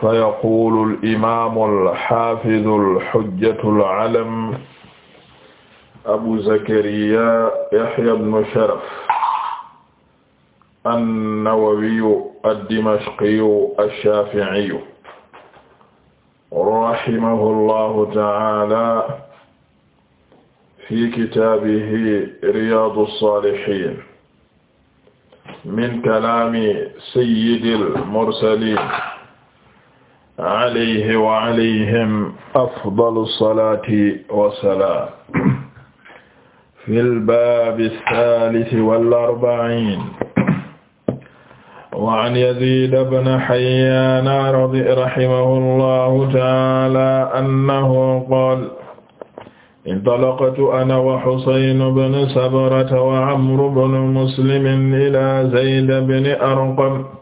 fa yaqulu al-imaamu al-haafidu al-hujjatu al-alam Abu Zakariya Yahya ibnu Sharaf an-Nawawiyu ad-Dimashqiyu ash-Shaafi'iyu rahimahullahu ta'aala fi kitaabihi Riyaadu s-Saalihiin min kalaami sayyidil mursaliin alayhi wa alayhim afdalu salaati wa salaam fil baabi saalisi wal arba'iin wa an Yaziid ibn Hayyaan rahimahullahu ta'aala annahu qaala intalaqtu ana wa Husayn ibn Sabrata wa Amru ibn Muslim ilaa Zayd ibn Arqam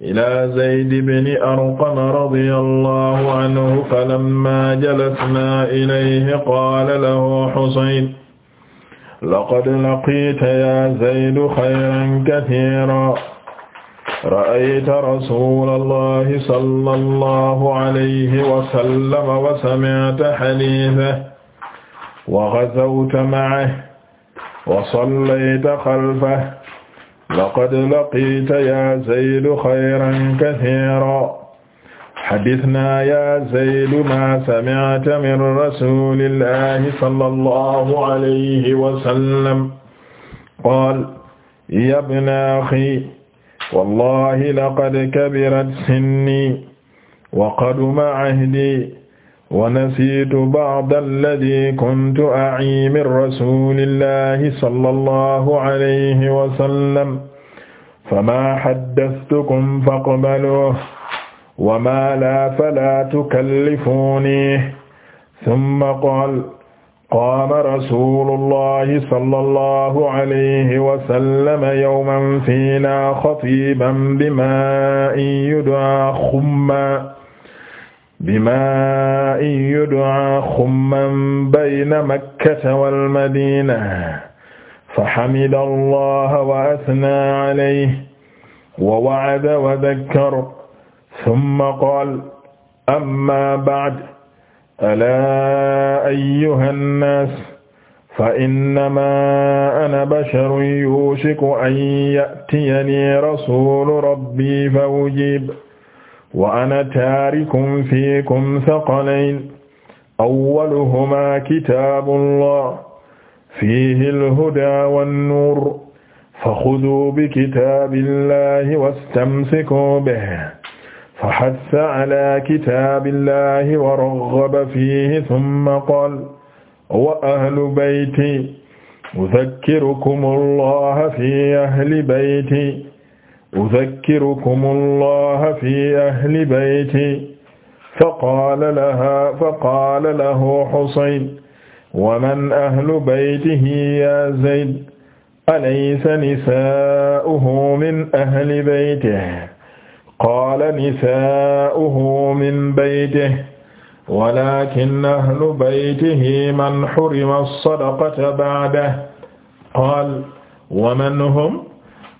ila zayd ibn arqam radiyallahu anhu falamma jalasna ilayhi qaala lahu husayn laqad laqiita ya zayd xayran kasiiran ra'ayta rasuulallahi sallallahu alayhi wa sallam wa sami'ta hadiithahu wa ghazawta ma'ahu wa sallayta khalfahu laqad laqiita yaa zaydu xayran kasiiran xaddisnaa yaa zaydu maa samicta min rasuulillaahi sallallahu alayhi wa sallam qaala yaa bna axii wallaahi laqad kabirat sinnii wa qaduma cahdii wa nasiitu ba'da alladii kuntu a'ii min rasuulillaahi sallallahu alayhi wa sallam famaa haddathtukum faqbaluuhu wa maa laa falaa tukallifuunii thumma qaala qaama rasuulullaahi sallallahu alayhi wa sallam yawman fiinaa khatiiban bimaa'in yud'aa xummaa bimaa'in yud'aa xumman bayna makkata wal madiina fa hamida Allaha wa athnaa alayhi wa wa'ada wa dhakkara thumma qaala ammaa ba'du alaa ayyuha nnaas fa innamaa ana basharun yuushiku an ya'tiyanii rasuulu rabbii fa ujiib wa ana taarikum fiikum saqalayn awwaluhumaa kitaabullah fiihi alhudaa wannuur faxuduu bikitaabillahi wastamsikuu bihi faxassa alaa kitaabillahi wa raghaba fiihi summa qaala wa ahlu bayti uzakkirukumu allaha fii ahli bayti أذكركم الله في أهل بيتي فقال لها فقال له حسين ومن أهل بيته يا زيد أليس نساؤه من أهل بيته قال نساؤه من بيته ولكن أهل بيته من حرم الصدقة بعده قال ومن هم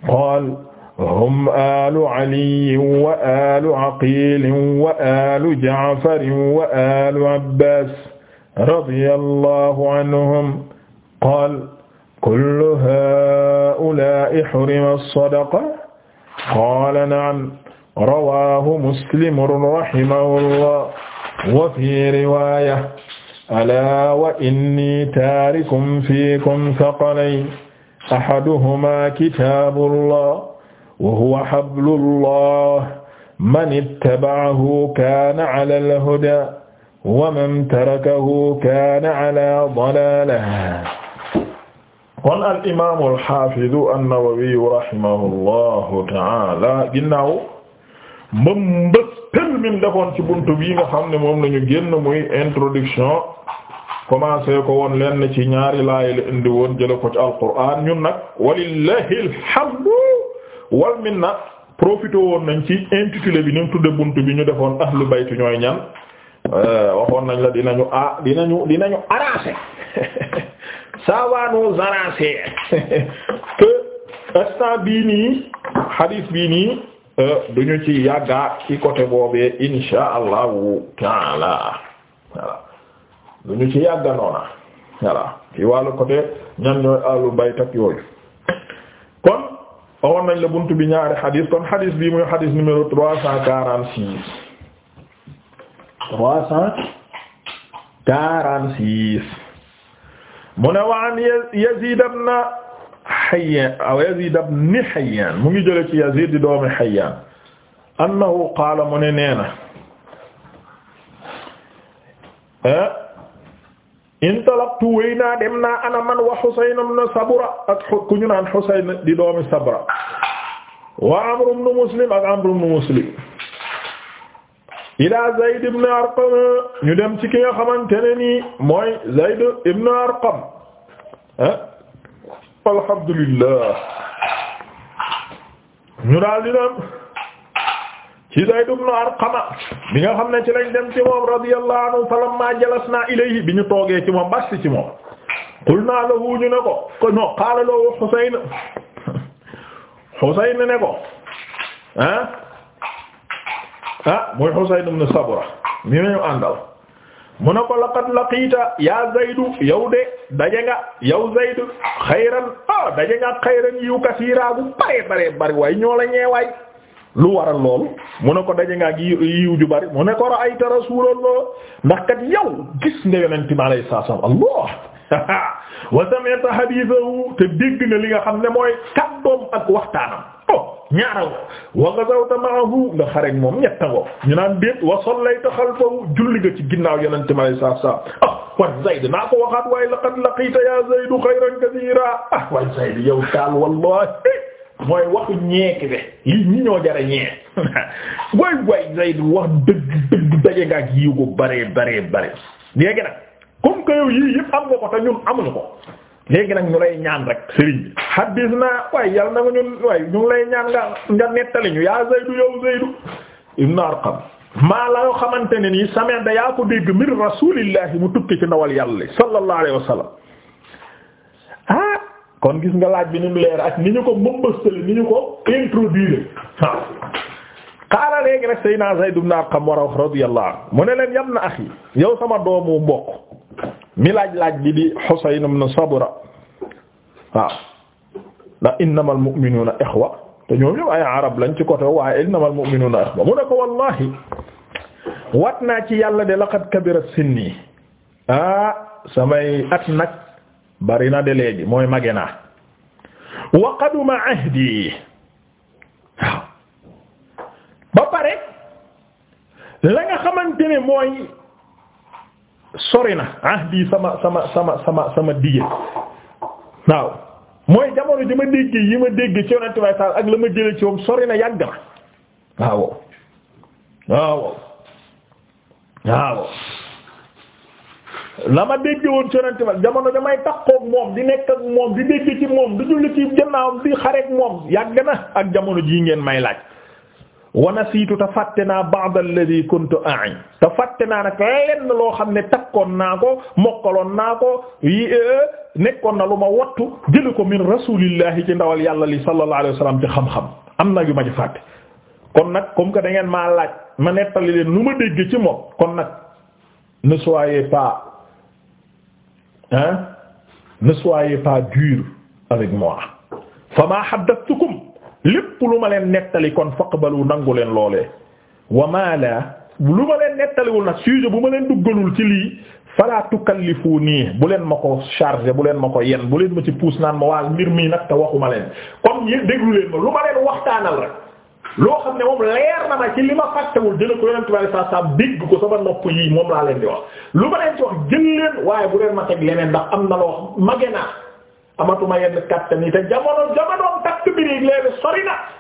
قال hum alu aliyin wa alu aqilin wa alu jaafarin wa alu abbas radiyallahu anhum qaal kullu haa'ulaa'i hurima as-sadaqa qaala na'am rawaahu muslimun rahimahullah wa fii riwaaya alaa wa innii taarikum fiikum saqalayn ahaduhumaa kitaabullah wa huwa hablullah man ittaba'ahu kaana ala al-hudaa wa man tarakahu kaana ala dalaalah kon al imaamu al-haafidu an-Nawawi rahimahullahu ta'aala ginnaaw mbëmbëstal min defoon ci buntu bii nga xam ne moom lañu génn muy introduction commencé ko woon lenn ci ñaari laay la indi woon jële ko ci alquraan ñun nag walillahi alhamdu wal na profité woon nañ ci intitulé bi ni mu tudde bunt bi ñu defoon ahlu baytu ñooy ñan euh, waxoon nañ la dinañu a ah, dinañu dinañu arranger ça va nous bii nii hadith bii nii euh, duñu ci yàgga ci côté boobee insha allahu taala voilà duñu ci yàgga noona voilà ci wàllu côté ñan ñooy ahlu bayt yooyu kon waxoon nañ la buntu bi ñaari xadis kon xadis bii muy xadis numéro trois cent quarante six trois cent quarante six mu ne waan Yazid ibn Hayyan aw Yazid ibn Hayyan mu ngi jële ci Yazid di doomi Hayyan annahu qaala mu ne nee na eh, intalaqtu wéy naa dem naa ana man wa Husayn ibn Sabra ak ku ñu naan Husayn di doomi Sabra wa Amr ibn Muslim ak Amr ibn Muslim ila Zayd ibn Arqam ñu dem ci ki nga xamante ne nii mooy Zayd ibn Arqam eh? alhamdulillah ci Zayd ibn Arqama bi nga xam na ci lañ dem ci moom radiyallahu anhu jalasna ilayhi bi ñu toogee ci moom basti ci moom qulna lahu ñu ne ko ko no qaala lahu Husayn na ne ko ah ah muy Husayn ibn Sabra mi ñu àndal mu ne ko laqad laqiita ya Zaydu yow de daje nga yow Zaydu xayran ah daje nga xayran yu kasiira bu bare bare bare way ñoo la ñeeway lu waral loolu mu ne ko daje ngaa gi yiw ju bari mu ne ko ra'ayta rasulallah ndax kat yow gis nga yonent mi alayhi salaam allah wa sami'ta hadithahu te dégg na li nga xam ne mooy kaddoom ak waxtaanam oh ñaaral wa ghazawta ma'ahu nga xarek moom ñetta ngoo ñu naan déet wa sallayta xalfahu julli ci ginnaaw yonent mi alayhi salaam ah oh, wa Zayd naa ko waxaat waaye laqad laqita ya Zayd xayran kathiira ah, wa Zayd yow taal wallahi mooy waxu ñeeki be yi ñi ñoo jara ñee way way Zayd wax dëgg dëgg daje nga bare bare bare léegi nag comme que yow yii yëpp am nga ko te ñun amuñu ko léegi nag ñu lay ñaan rek sëriñ bi xaddis naa waaye yàlla na ko ñun waaye ñu ngi lay ñaan nga ñu yaa Zaydu yow maa la yoo xamante ne nii same da yaa ko dégg min rasuulillahi mu tukki ci ndawal yàlla sallallahu alayhi wasallam kon gis nga laaj bi ni mu leer ak ni ñu ko mëmbastali ni ñu ko introduire waaw xaala léegi rek Seydina Zayd ibn Arqam war a wax radiyallahu anhu mu ne leen yam na axi yow sama doomu mbokk mi laaj-laaj bi di Husayn ibn Sabra waaw ndax innamal mu'minuna ikhwa te ñoom ñëw ay arab lañ ci côté waaye innamal mu'minuna ikhwa mu ne ko wallahi wat naa ci yàlla de laqad kabira sinni ah samay at nag bari na de léegi mooy mage naa wa qaduma ahdi waaw ba pare la nga xamante ne mooy sori na ahdi sama sama sama sama sama dige waaw mooy jamono ji ma dégg yi ma dégg ci yonent bay sal ak la ma jële ci moom sori na yàgg na waaw la ma dégg woon sonante ba jamono damay takkook moom di nekk ak moom di dégg ci moom di julli ci gannaawam di xareek moom yàgg na ak jamono jii ngeen may laaj wana siitu te fàtte naa ba'd alladhi kuntu a'in te fàtte naa nag lenn loo xam ne takkoon naa ko mokkaloon naa ko yi e, nekkoon na lu ma wottu jële ko min rasulillahi ci ndawal yàlla li sallallahu alayhi wasallam ci xam-xam am na yu ma ci fàtte kon nag comme que dangeen ngeen maa laaj ma nettali leen lu ma ci moom kon nag hein ne soyez pas dur avec moi fa ma haddathtukum lépp lu ma leen nettali kon faqbalu nangu leen loole wa ma la lu ma leen nettaliwul nag sujet bu ma leen duggalul ci lii fala tukallifuni bu leen ma ko chargé bu leen ma ko yen bu leen ma ci puus naan ma waa mbir mii nag te waxuma leen comme déglu leen ma lu ma leen waxtaanal rek loo xam ne moom leer na ma ci li ma fàttewul jëla ko yonent bi sallallahu alayhi ko sama nopp yi moom laa leen di wax lu ma leen ci wax jël leen waaye bu leen ma teg leneen ndax am na loo xam mage naa amatuma yenn na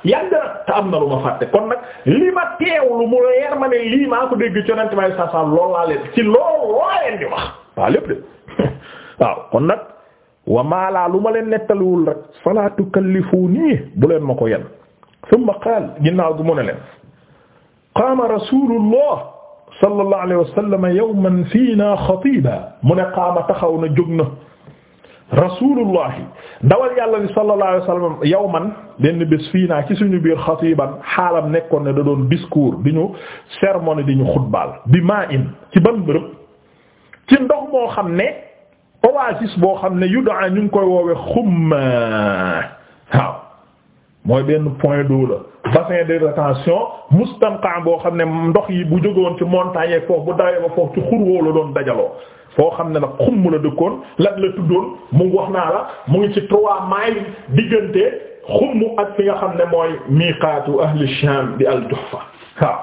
yàgg na te am na lu ma fàtte kon nag li ma teewlu mu leer ma ne lii maa ko dégg ci yonent bi sallallahu alayhi wasallam laa leen ci loolu loo leen di wax waaw lépp de waaw kon nag wa maalaa lu ma leen nettaliwul rek fala tukallifuni bu leen ma ko yenn thumma qaal ginnaaw gu mu ne leen qaama rasulullah sallallahu alayhi wa sallam yawman fiina xatiba mu ne qaama taxaw na jóg na rasulullah dawal yàlla li sallallahu alayhi wa sallam yawman benn bés fiinaa ci suñu biir xatiban xaalam nekkoon ne da doon discours di ñu sermon di ñu xutbaal bi maa in ci ban bërëb ci ndox moo xam ne oasis boo xam ne yudaa ñu ngi koy woowe xumma waaw mooy benn point d'eau la bassin de rétention mustanqa boo xam ne ndox yi bu jógoon ci montagne yeeg foofu bu dawee ba foofu ci xurwoo la doon dajaloo foo xam ne nag mu la dëkkoon lan la tuddoon mu wax naa la mu ngi ci trois miles diggante xumm ak fi nga xam ne mooy miqaatu ahli Sham bi al-Juhfa waaw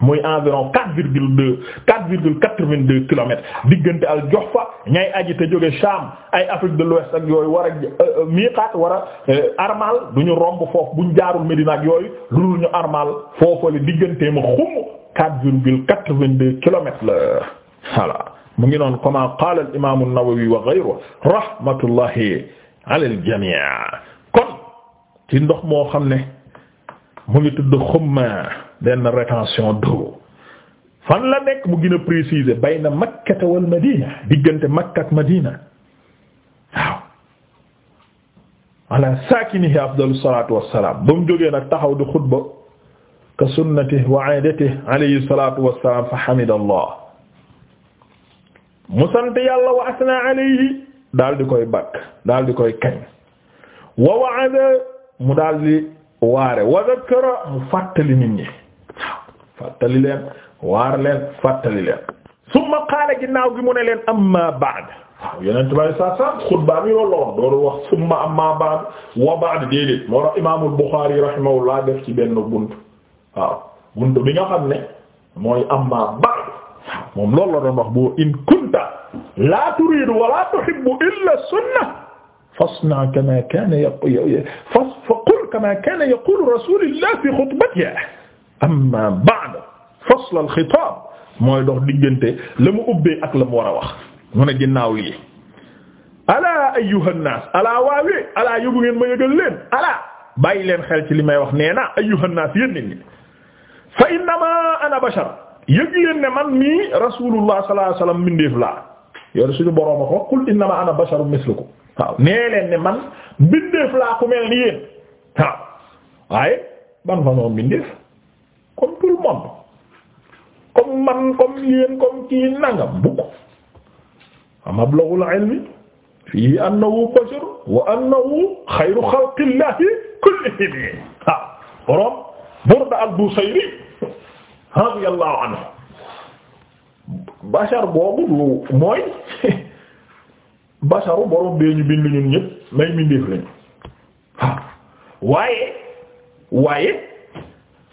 mooy environ quatre virgule deux quatre virgule quatre-vingt-deux kilomètres diggante al Juhfa ñay aji te jóge Sham ay Afrique de l'Ouest ak yooyu war a euh, euh, miiqaat war euh, armal du ñu romb foofu buñ jaarul Medina ak yooyu lu ñu armal foofale diggante ma xum quatre virgule quatre-vingt-deux kilomètres la voilà mu ngi noonu kama qaala al imaamu Nawawi wa ghayruhu rahmatullahi ala al jamii kon ci ndox moo xam ne mu ngi tudd xumma benn rétention d'eau fan la nekk mu gën a préciser bayna makkata wal madina diggante makka ak madina waaw ala saakinihi afdalu salatu wassalam ba mu jógee nag taxaw di xutba ka sunnatihi wa aadatihi alayhi salatu wassalam fa hamida allah mu sant yàlla wa asna alayhi daal di koy bakk daal di koy kañ wa waada mu daal di waare wa zakkara mu fàttali nit ñi fàttali leen waar leen fàttali leen summa qaala ginnaaw gi mu ne leen amma ba'd waaw yeneen tubaab yi saa saa xutba mi loolu la wax doolu wax summa amma ba'd wa ba'd déedéet moo tax imaamul Buxaari rahimahullah def ci benn bunt waaw bunt bi nga xam ne mooy amma ba'd moom loolu la doon wax boo in kunta laa turiidu wa laa tuhibbu illa sunna fasna kamaa kaana yaqulu fa qul kamaa kaana yaqulu rasuulullah fi xutbatihi amma ba'd fasl al xitaab mooy dox diggante la mu ubbee ak la mu war a wax mu ne ginnaaw lii alaa ayyuhan naas alaa waawee alaa yóbbu ngeen ma yëgal leen alaa bàyyi leen xel ci li may wax nee na ayyuhan naas yéen nit ñi fa innamaa ana bashar yëg leen ne man mii rasulullah sallallahu alayhi mbindeef laa yow suñu boroom a ko qul innamaa ana basharun mislukum waaw nee ne man mbindeef laa ku mel ni yéen waaw waaye ban fa noonu mbindeef comme tout le monde comme man comme yéen comme kii nangam bu ko wa mablaghul ilmi fiihi wa annahu xayru xalqillahi kullihim waaw borom Burda al-Busayri radiyallahu anhu bashar boobu lu mooy basharu borom bee ñu bind ñun may mbindeef lañu waaye waaye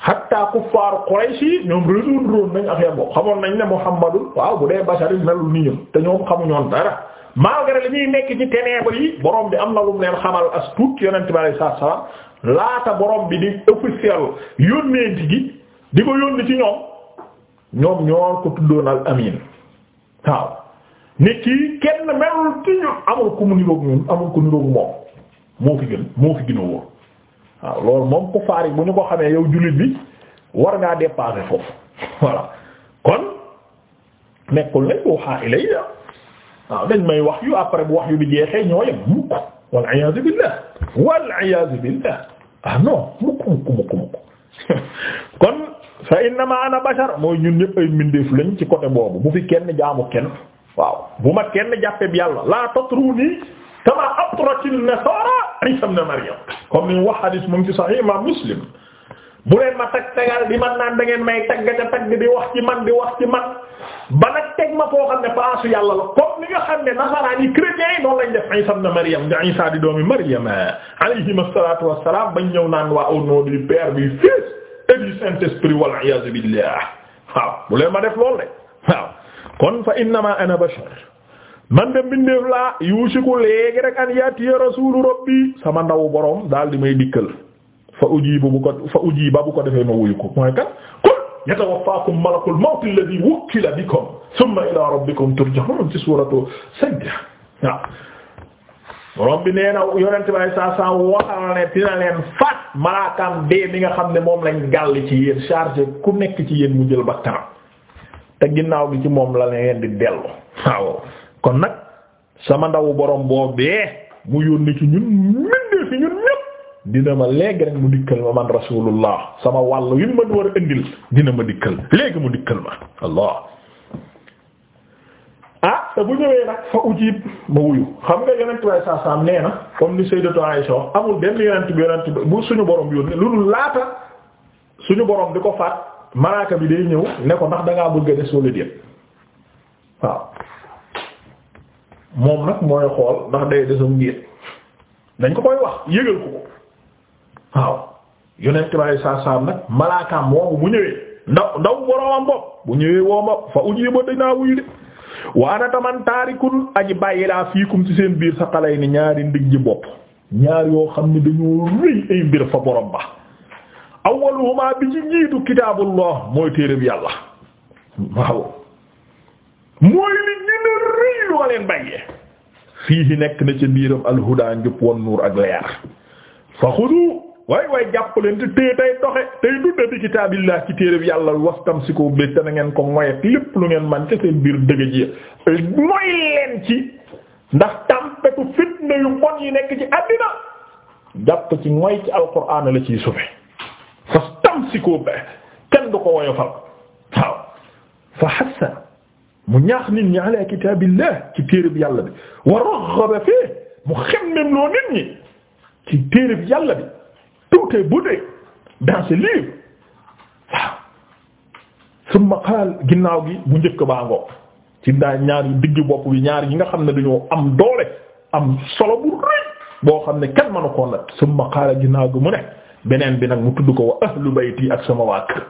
hatta kuffar Quraysh yi ñoom résoudroon nañ affaire boobu xamoon nañ ne Muhammadul waaw bu dee basari melul ni ñun te ñoom xamuñoon dara malgré li ñuy nekk ci ténèbres yi borom bi am na lum leen xamal as tuut yonent bi alayhi salaam laata borom bi di officiel yónnee gi di ko yónni ci ñoom ñoom ñoo ko tuddoon al amin waaw nit ki kenn melul ci ñun amul ku mu niroog ñun amul ku niroog moom moo fi gën moo fi gën a wóor waaw loolu moom kuffaar yi bu ñu ko xamee yow jullit bi war ngaa dépasser foofu voilà kon nekkul ne waxaa ilay waaw dañ may wax yu après bu wax yu bi jeexee ñoo yem mukk wal iyaazu billah wal iyaazu billah ah non mukk mukk mukk kon fa innama ana bashar mooy ñun ñëpp ay mbindeef lañ ci côté boobu bu fi kenn jaamu kenn waaw bu ma kenn jàppee bi yàlla laa totru nii kama atratil nasara Isa ibn Maryam comme ni wax hadis mu ngi ci sahih imam Muslim bu leen ma tag tagal di man naan da ngeen may tagga ca tagg di wax man di wax ci man ba nag teg ma foo xam ne paasu yàlla la comme ni nga xam ne nasaraan yi chrétiens yi noonu lañ def di Isa di doomi Maryam alayhim asalatu wassalam bañ ñëw naan waa au nom du Père du Fils et du Saint-Esprit wal iyaazu billah waaw bu leen ma def loolu de waaw kon fa innama ana bashar man de mbindeef laa yuusiku léegi rek an yatiya rasuulu rabbi sama ndaw borom daal di may dikkal fa ujiiba bu ko fa ujiiba bu ko defee ma wuyu ko mooy kat qul yatawaffaakum malakul mawti alladhi wukkila bikum thumma ila rabbikum turja'un ci suuratu sajda waaw borom bi nee na yonent bi saa saa waxal ne dina leen faat malaakam dee mi nga xam ne moom lañ gàll ci yéen chargé ku nekk ci yéen mu jël bakkanam te ginnaaw gi ci moom la leen di dellu waaw kon nag sama ndawu borom boobee mu yónni ci ñun mindee fi ñun ñépp dina ma léegi rek mu dikkal ma man rasulullah sama wàll yi ma war a indil dina ma dikkal léegi mu dikkal ma allah ah te bu ñëwee nag fa ujib ma wuyu xam nga yonent bi saa saa nee na comme ni sayyidatu Aisha amul benn yonent bi yonent bi bu suñu borom yónnee lu dul laata suñu borom di ko faat malaaka bi day ñëw ne ko ndax da ngaa bëgg a des wala waaw. moom nag mooy xool ndax day desam ngéet dañ ko koy wax yëgal ko ko waaw yonent baay saa saam nag malaakaam moomu bu ñëwee ndaw ndaw boroomam bopp bu ñëwee wooma fa uji ba dinaa wuyu de waana taman taarikul aji bàyyi laa fiikum ci seen biir sa xalay ni ñaari ndig ji bopp ñaar yoo xam ni dañoo rëy ay mbir fa borom ba awwaluhuma bi ci njiitu kitaabullah mooy téere bi yàlla waaw mooy li gën a rëy leen bàyyee fii ci nekk na ca biiram alhuda njub wan nuur ak leer fa xudu waay waay jàpp leen te tey tey doxe tey dunda bi kitaabillah ci téere bi yàlla wastamsiku bi te na ngeen ko moyet lépp lu ngeen man ca seen biir dëgg ji mooy leen ci ndax tàmpetu fitna yu bon yi nekk ci àddina jàpp ci moy ci alquraan la ciy sufe fastamsiku be kenn du ko woyofal waaw fa hasan mu ñaax nit ñi ala kitaabillah ci téereb yàlla bi yàlla bi tuutee bu dee ginnaaw gi bu njëkk baa ngoo ci daa ñaar yu digg bopp bi ñaar yi nga xam ne dañoo am doole am solo bu rëy boo xam ne kenn mënu koo nag summa qaala ginnaaw gi mu ne beneen bi nag mu tudd ko wa ahlu bayti ak sama waa kër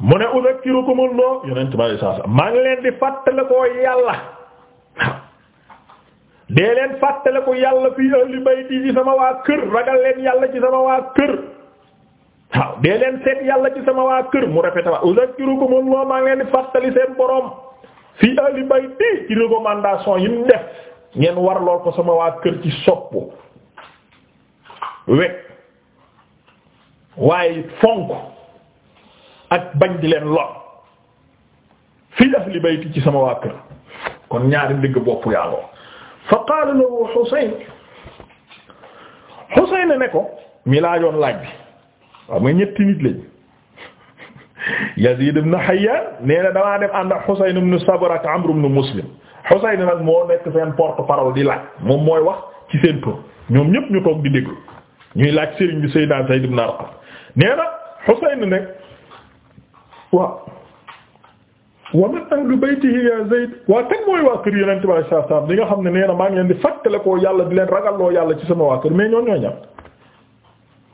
mu ne uzakkirukumul ki yonent bi saa maa ngi leen di fàttalikoo yàlla dee leen fàttali ko yàlla fi ahli bayti ci sama waa kër ragal leen yàlla ci sama waa kër waaw leen seet yàlla ci sama waa kër mu rafet wa uzakkirukumul loo maa ngi leen di fàttali seen borom fii ahli bayti ci recommandation yi mu def ngeen war lool ko sama waa kër ci soppu wekk waaye fonk ak bañ di leen lor fii ahli bayti ci sama waa kër kon ñaari ndigg bopp yàlloo fa qaala lahu Husayn Husayn ne ko mi laa laaj bi waaw nga ñetti nit lañ Yazid ibn Hayyan nee na damaa dem ànd ak Husayn ibn Sabra ak Muslim Husayn nag moo nekk seen porte-parole di laaj moom mooy wax ci seen tur ñoom ñëpp ñu toog di déglu ñuy laaj sëriñ bi Sayyidina Zayd ibn Arqam nee na Husayn ne waaw wa min ahli baytihi ya Zayd waa kan mooy waa kër yonent bi saa saa nga xam ne nee na maa ngi leen di fàttale koo yàlla di leen ragalloo yàlla ci sama waa kër mais ñoo ñoo ñam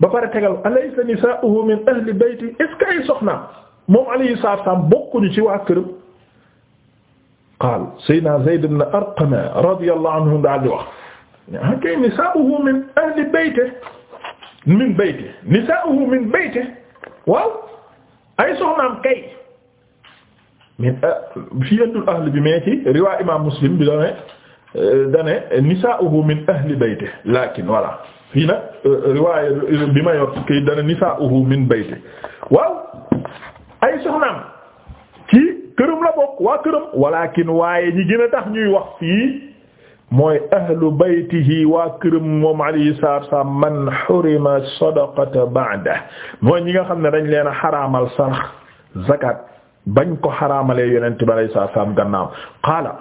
ba pare tegal alaysa nisaa'uhu min ahli bayti est ce que ay soxnaam moom alayhi salaam bokkuñu ci waa këram. qaal Seydina Zayd ibn Arqama radiyallahu anhu daal di wax ah min ahli bayti min min bayti waaw. ay soxnaam kay min euh, fiyatul ahli bi mais ci imam muslim bi dane euh, dane nisaa'uhu min ahli bayte lakin voilà fii nag euh, bi ma yor kay dane nisaa'uhu min bayte waaw ay soxnaam ci këram la bokk waa këram walakin waaye ñi gën a tax ñuy wax fii mooy ahlu baytihi waa këram moom alayhi salaatu wa salaam man xurima sadaqata baada mooy ñi nga xam ne dañ leen a xaraamal sarax zakat bañ ko xaraamalee yonent bi alayhi salaatu wa salaam gannaaw qaala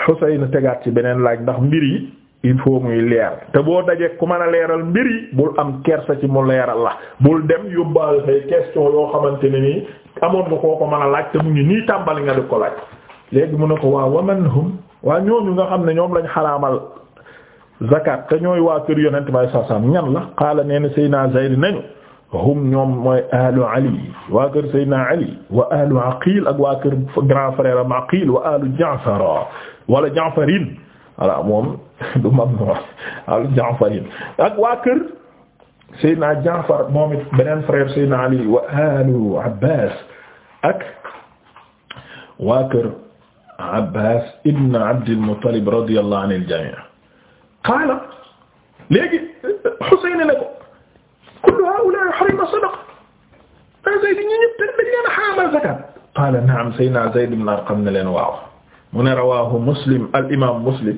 Xuseyn tegaat ci beneen laaj ndax mbir yi il faut muy leer te boo dajee ku mën a leeral mbir yi bul am kersa ci mu leeral la bul dem yóbbaal say question yoo xamante ne nii amoon nga koo ko mën laaj te mu ngi nii tàmbali nga di ko laaj léegi mu ne ko waa waman hum waa ñooñu nga xam ne ñoom lañ xaraamal zakat te ñooy waa kër yonent bay sasam ñan la qaala nee na Seydina Zayd nañu hum ñoom mooy ahlu Ali waa kër Seydina Ali wa ahlu Aqil ak waa kër grand frère am Aqil wa ahlu Jaafar wala Jaafarin voilà moom du mam no ahlu Jaafarin ak waa kër Seydina Jaafar moom it beneen frère Seydina Ali wa ahlu Abbas ak waa kër Abbas ibn Abdil Muttalib radiyallahu anil jamii qaala léegi Husayn ne ko kullu haa'ulaa'i harima sadaqa a Zayd ñi ñëpp dañ leen a xaraamal zakat qaala na'am Sayyidina Zayd ibn Arqam ne leen waaw mu ne rawaahu Muslim al imaam Muslim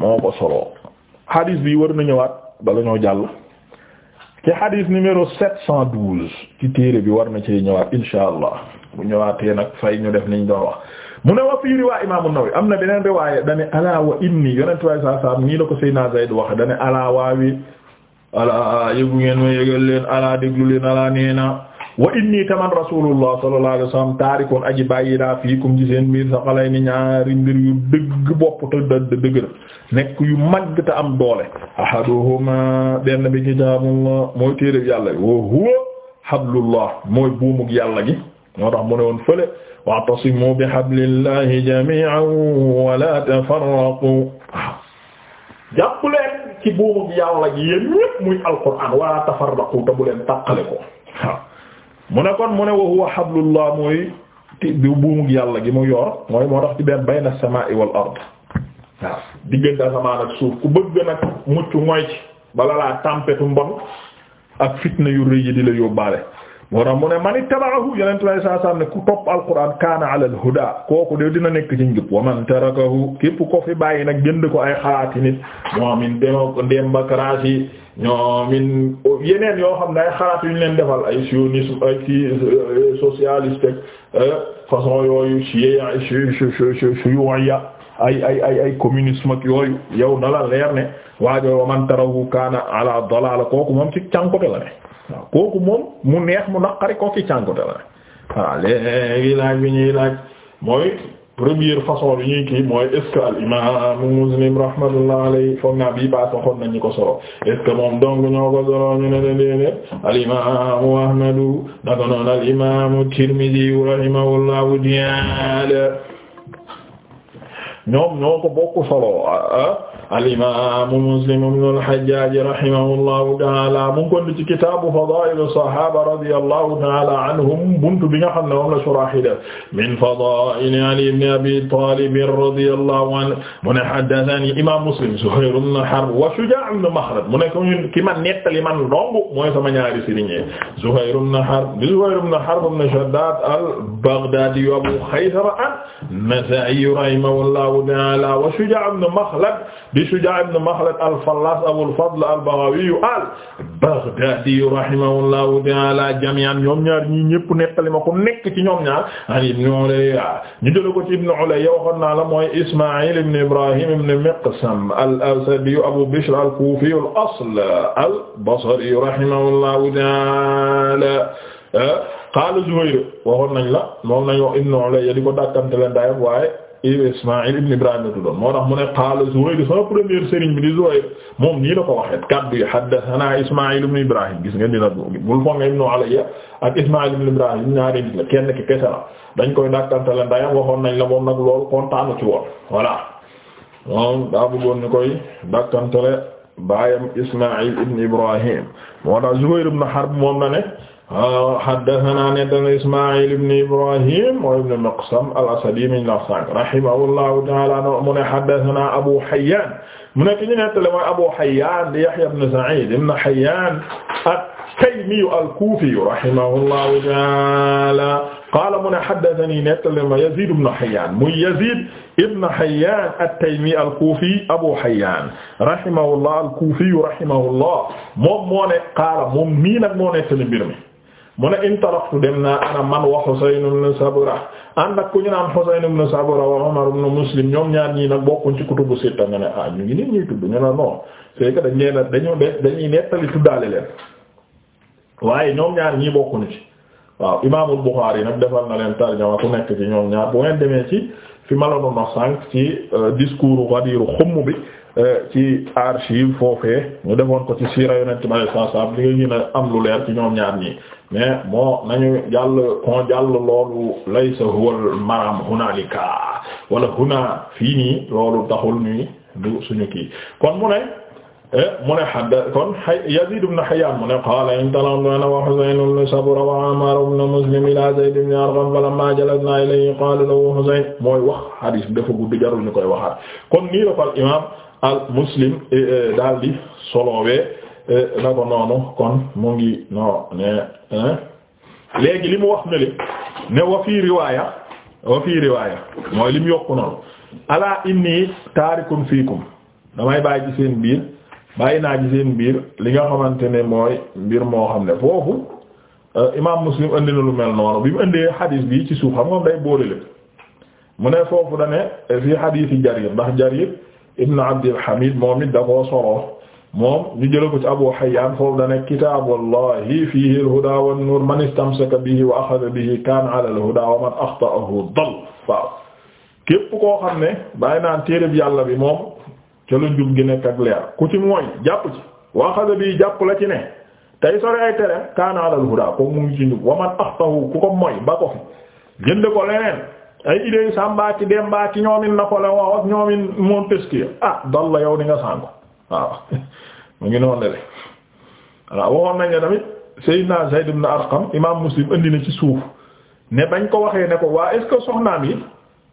moo ko solo hadis bi war na ñëwaat bala ñoo jàll ci hadis numéro 712 ci téere bi war na cee ñëwaat inshaa Allah bu ñëwaatee nag fay ñu def liñ doon wax mu ne wa fii riwaay imaamu Nawawi am na beneen riwaay dane alaa wa inni yonent waay nii la ko Seydina Zayd waxe dane alaa waawi alaa yëgu ngeen ma yëgal leen alaa déglu leen alaa nee wa inni taman rasulullah sallallahu alayhi wasallam taarikoon aji bàyyi daa fiikum ci seen mbir sa xalay ni ñaari mbir yu dëgg bopp te dëgg dëgg na nekk yu mag te am doole ahaduhuma benn bi kitaabullah mooy téeréb yàlla bi wa huwa hablullah mooy buumug yàlla gi moo tax mu ne woon fële wa'tasimu bi hablillahi jami'an wa la tafarraqu jàpp leen ci buumu gi yéen muy alquran wa la tafarraqu te bu kon mu ne wa huwa hablullah mooy ti buumu yàlla gi mu yor mooy moo tax ci benn bayna samaa'i wal ard waaw diggante asamaan ak ku bëgg nag mucc mooy ci bala laa tàmpetu mbon ak fitna yu rëy di la yóbbaale moo tax mu ne man ittaba'ahu yonent bi saa saa ne ku topp al-huda kooku de dina nekk ci njub wa man tarakahu képp ko fi bàyyi nag jënd ko ay xalaati nit ñoomin démocratie ñoomin yeneen yoo xam ne ay xalaat yu leen defal ay sionisme ay kii euh, socialiste euh, façon yooyu chia ya ay ay ay ay communisme ak yow na la leer ne waajo wa man tarahu kaana ala dalala kooku moom ci cànkote la ne waaw kooku moom mu neex mu naqari ko ci càngote la voilà laaj bi ñuy laaj mooy première façon bi ñuy kii mooy est al imaamu Muslim rahmatullah alayhi foog naa bii baa taxoon nañu ko solo est moom dong ñoo ko solo ñu ne déedéet al imaamu Ahmadu naka al imaamu Tirmidhi rahimahullahu ta'ala ñoom ñoo ko bokk solo ah al-imaamu Muslim ibnu al-Hajjaaj rahimahullahu ta'aala mu ngi ko ci kitaabu fadaa'il as-sahaaba radiyallahu ta'aala anhum buntu bi nga xam ne moom la Shuraahi def min fadaa'il Ali ibn Abi Taalib radiyallahu anhu mu ne haddathanii imaam Muslim Zuhayr ibn Harb wa Shujaa' ibn Makhrad mu ne ko ki ma nettali man dong mooy sama ñaari sëriñ Zuhayr ibn Harb Zuhayr ibn Harb ibn Shaddaad al-Baghdaadi Abu Khaythama an-Nasaa'i rahimahullahu ta'aala wa Shujaa' ibn Makhrad di Shujaa ibn Makhlad al-Fallaas Abul Fadl al-Baghawi al-Baghdaadi rahimahullahu ta'aala jamii'an ñoom ñaar ñii ñëpp nettali ma ko nekk ci ñoom ñaar an Ibn Ulayya ñu jël ko ci Ibn Ulayya waxoon naa la mooy Ismaa'il ibn Ibraahiim ibn Miqsam al-Asadi Abu Bishr al-Kuufi al-asl al-Basri rahimahullahu ta'aala qaala Zuhayr waxoon nañ la moom nañ wax Ibn Ulayya di ko dàkkante leen daayam waaye Ismaïl ibn Ibrahim la tuddoon moo tax mu ne qaala Zuhayr sama premier sëriñ bi di Zuhayr moom nii la ko waxee kaddu yi haddathana Ismaïl Ibrahim gis nga dina bul foog nga ibn Alayya ak Ismaïl ibn Ibrahim ñaari ki kese dañ koy dàkkante la ndayam waxoon nañ la moom nag loolu kontaanu ci woon voilà moom daa bëggoon ni koy dàkkantele baayam Ismaïl ibn Ibrahim moo tax Zuhayr ibn Harb moom na ne waaw haddasanaa netana Ismaa'il ibn Ibrahim wa ibn Miqsam al-Asadi min al-Asaq rahimahullahu ta'aala mu ne haddasanaa Abu Hayyaan mu nekk ñu nettali mooy Abu Hayyaan di Yahya ibn Sa'iid ibn Hayyaan at-Taymi al-Kuufi rahimahullahu ta'aala qaala mu ne haddasanii nettali ma Yaziid ibn Hayyaan muy Yaziid ibn Hayyaan at-Taymi al-Kuufi Abu Hayyaan rahimahullah al-Kuufi rahimahullah moom moo ne qaala moom mii nag moo nettali mbir mi mu ne intalaqtu dem naa ana man wa Husayn ibn Sabra ànd ak ku ñu naan Husayn ibn Sabra wa Umar ñoom ñaar ñii nag bokkuñ ci kutubu sitta nga ne ah ñu ngi nii ne non c'est que dañoo dañuy nettali tuddaale leen waaye ñoom ñaar ñii bokkuñu ci waaw Imaamul Bukhari nag defal na leen tarjama ku nekk ci ñoom ñaar bu ngeen demee ci fi ma la doon wax sànq ci euh, discours Ghadir Khumm bi. Euh, ci archive ko ci siira yonent bi sallallahu a am lu leer ci ñoom ñaar ñii mais moo nañu jàll kon jàll loolu laysa huwa maram hunalika wala huna fii nii loolu taxul ñuy du suñu kii kon mu ne eh, mu ne hadda kon Yazid ibn Hayyan mu ne qaala intalaqtu ana wa Husayn ibn Sabra wa Ammar ibn Muslim ila Zayd ibn Arqam falamma jalasna ilayhi qaala lahu Husayn mooy wax hadis bi dafa gudd jarul ñu koy waxaat kon nii la ko al imam al Muslim eh, eh, daal di solowee Euh, na ko noonu kon ngi léegi li mu wax ne li ne wa riwaaya wa riwaaya mooy li mu yokku noonu ala inni taarikun fiikum damay bàyyi ci seen biir bàyyi naa ci seen biir li nga xamante ne mooy mbir moo xam ne foofu euh, imaam muslim indi lu mel noonu bi mu indee xadiis bi ci suuf xam nga day boole lépp mu ne foofu da ne fii xadiisi jarir ndax jarir ibn abdil hamid moom it da koo soroo moom ñu jëla ko ci Abu Hayyan foofu da nekk kitaabullahi fiihi al-hudaa wan-nuur man istamsaka bihi wa axada bihi kaana ala hudaa wa man axta'ahu dall waaw képp koo xam ne bàyyi naan téereb yàlla bi moom ca lu njub gi nekk ak leer ku ci mooy jàpp ci wa axada bihi jàpp la ci ne tey sore ay tere kaana ala al-hudaa ko mu ngi ci njub wa man axta'ahu ku ko mooy ba ko fi jënd ko leneen ay idée sàmbaaki dembaaki ñoomin Napoléon ak ñoomin Montesquieu ah dall yow ni nga waaw mu ngi noonu de waaw waxoon nañ ne tamit Seydina Zayd ibn Arqam imaam Muslim indi na ci suuf ne dañ ko waxee ne ko waa est-ce que soxnaam yi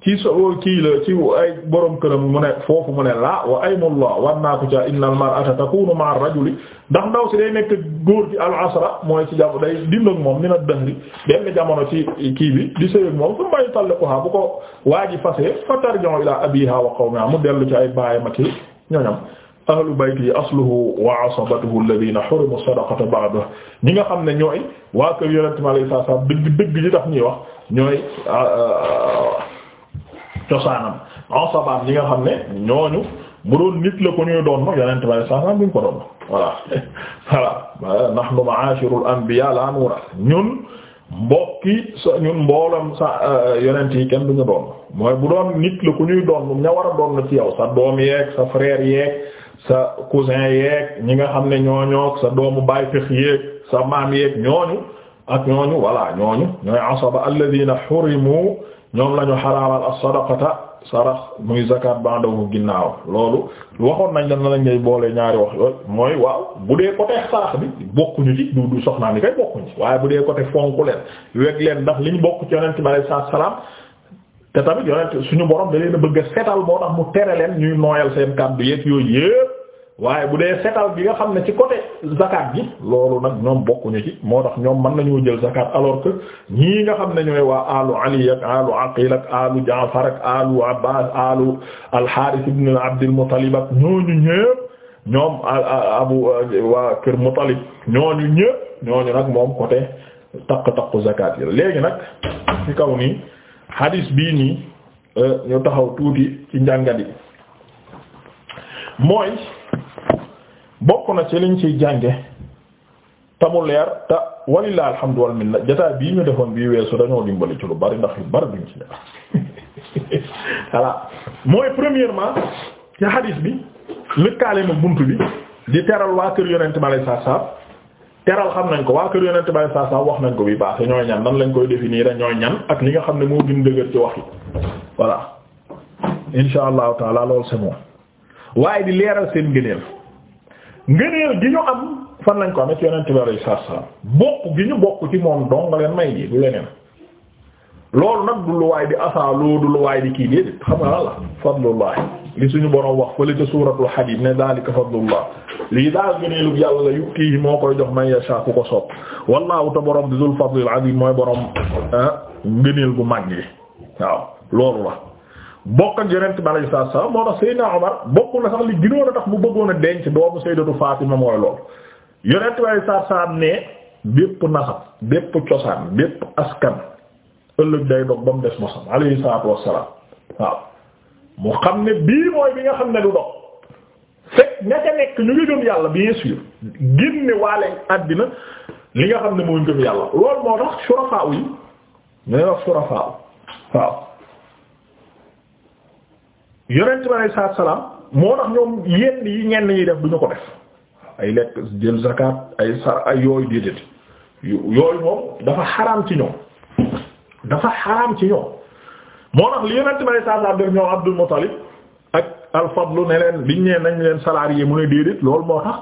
ci so kii la ci ay borom këram mu ne foofu mu ne laa wa aymullah war naa ko ca inna al mar'ata takunu ma'a ar ndax ndaw si day nekk góor gi al asra mooy ci jamono day dindag moom ni na dëxri benn jamono ci kii bi di sëyëg moom su may talliquha bu ko waa ji fase fa tarji'u ila abiha wa qawmiha mu dellu ci ay baayam ak ñoñam ahlu bayti asluhu wa asabatuhu alladhina hurimu sadaqata ba'da ñi nga xam ne ñooy waa kër yonent mi alayhi salaam dëgg dëgg li tax ñuy wax ñooy ah, ah, ah, cosaanam asabaam ñi nga xam ne ñooñu bu doon nit la ko ñuy doon nag yonent mi alayhi salaam duñ ko doon voilà voilà nahnu ma'ashirul anbiya la nuras ñun mbokki sa ñun mbooloom sa eh, yonent yi kenn duñu doon mooy bu doon nit la ku ñuy doon ña war a doon na ci yow sa doom yeeg sa frère yeeg sa cousin yeeg ñi nga xam ne ñooñook sa doomu baay fex yeeg sa maam yeeg ñooñu ak ñooñu walla ñooñu ñooy asaba alladina xurimu ñoom lañu xaraamal as-sadaqata sarax muy zakat bandawu ginnaaw loolu waxoon nañ lan lañ ngay boole ñaari wax yooyu mooy waaw bu dee côté sarax bi bokkuñu li du du soxnaan ni kay bokkuñu waaye bu dee côté fonku leen weg leen ndax liñ bokk ci yonent bi te tamit yonent suñu borom da leen a bëgg a setal moo tax mu tere leen ñuy nooyal seen kàddu yeeg yooyu yëpp waaye bu dee setal bi nga xam ne ci côté zakat gi loolu nag ñoom bokkuñu ci moo tax ñoom mën nañoo jël zakat alors que ñii nga xam ne ñooy waa alu ali ak alu aqil ak alu jaafar ak alu abbas alu alxaaris ibn abdil muttalib ak ñooñu ñëpp ñoom abu waa kër muttalib ñooñu ñëpp ñooñu nag moom côté taq taqu zakat yi léegi nag ci kaw nii hadis bii nii euh, ñu taxaw tuuti ci njàngat yi mooy bokk na ci liñ ciy jànge te mu leer te walillahi wal minna jotaay bii ñu defoon bii weesu dañoo dimbali ci lu bari ndax yu bari duñ ci ñëw premièrement ci bi lëkkaale ma bunt bi di teral waa kër yonent bi alayhi salaam teral xam nañ ko waa kër yonent bay saa saa wax nañ ko bi baax ñooy ñan nan lañ koy définir ñooy ñan ak li nga xam ne moo gën dëgër ci wax yi voilà insha allahu taala loolu c'est bon waaye di leeral seen ngëneel ngëneel gi ñu am fan lañ ko amee ci yonent bi alayhi salaam bokk gi ñu bokk ci moom dong nga leen may ji du leneen loolu nag du lu waay di asaaloo du lu waay di kii déedéet xam nga la fadlullah li suñu borom wax fële ca suuratul Hadiid ne zaalika fadlullah lii daal gëneelu yàlla la yutiihi moo koy jox man yashaa ku ko sopp wallaahu te borom bi zul fadlil mooy borom ah ngëneel gu mag yi waaw loolu la. bokk ak Yonent bi alayhi salaatu wa salaam moo tax Seydina Omar bokk na sax li gënoon a tax mu bëggoon a denc doomu Sayyidatu Faatima mooy loolu Yonent bi alayhi salaatu wa salaam ne bépp naxam bépp cosaan bépp askan ëllëg day dog ba mu des mosam alayhi salaatu waaw. mu xam ne bii mooy bi nga xam ne du dox fekk ña nekk ñu ngi gëm yàlla bien sûr génne waale àddina li nga xam ne mooy gëm yàlla loolu moo tax surafaaw yi ñooy wax surafaaw waaw yonent bi alayhi moo tax ñoom yenn yi ñenn ñi def du ñu ko def ay lekk jël zakat ay sar ay yooyu déedéet yooyu moom dafa xaram ci ñoom dafa xaraam ci ñoom moo tax li yonent bi saa saa def ñoom Abdul Muttalib ak al-Fadl ne leen biñ nee nañ leen salarié mu ne déedéet loolu moo tax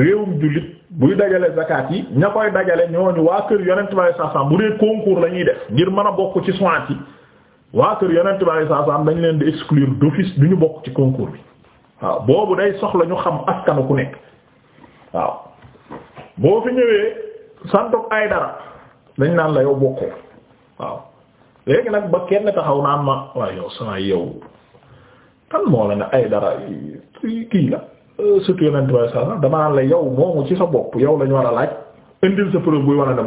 réewum jullit buy dajale zakat yi ña koy dajale ñoo ñooñu waa kër yonent bi saa bu dee concours la ñuy def ngir mën a bokk ci soins yi waa kër yonent bi saa saa dañ leen di exclure d'office du ñu bokk ci concours bi waaw boobu day soxla ñu xam askanu ku nekk waaw boo fi ñëwee santuk ay dara dañ naan la yow léegi nag ba kenn taxaw naan ma waaye yow saa yow kan moo la ne ay dara kii la euh, surtout yeneen tubaab yi sax damaa la yow moomu ci sa bopp yow lañu war a laaj indil sa preuve buy war a ne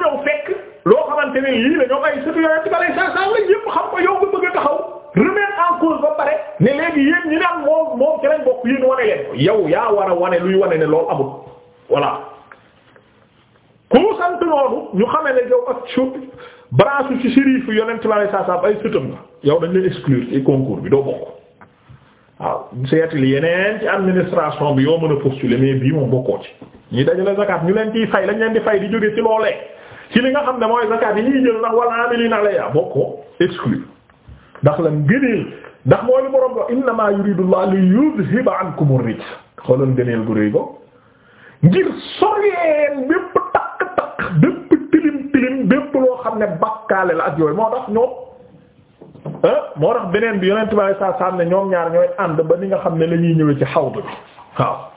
la ñoom ay la ñépp xam ko yow nga bëgg taxaw remettre en ba pare ne léegi yéen ñi naan moom moom ci lañ bokk yéen wane leen yow yaa war a wane luy wane ne loolu amul voilà. ku sant noonu ñu xamee ne yow ak su branche ci shérif yonent la saa saa ay sëtam la yow dañ leen exclure ci concours bi doo bokk waaw seetil yeneen ci administration bi yoo mën a postuler mais bii moom bokkoo ci ñi dajale zakat ñu leen ciy fay lañ leen di fay di jóge ci loolee ci li nga xam ne mooy zakat yi ñuy jël ndax wala amili na la yaa bokkoo exclure ndax la ngëneel ndax mooy li borom ko innamaa yuridu llaahu li yuzhiba ankumu rijsa xoolal ngëneel gu ngir soreen bépp takk-takk bépp tilim tilim bépp loo xam ne bakkaale la ak yooyu moo tax ñoom ah, moo tax beneen bi yonent bi sallallahu alayhi wasallam ne ñoom ñaar ñooy ànd ba ni nga xam ne lañuy ñëwee ci xaw bi waaw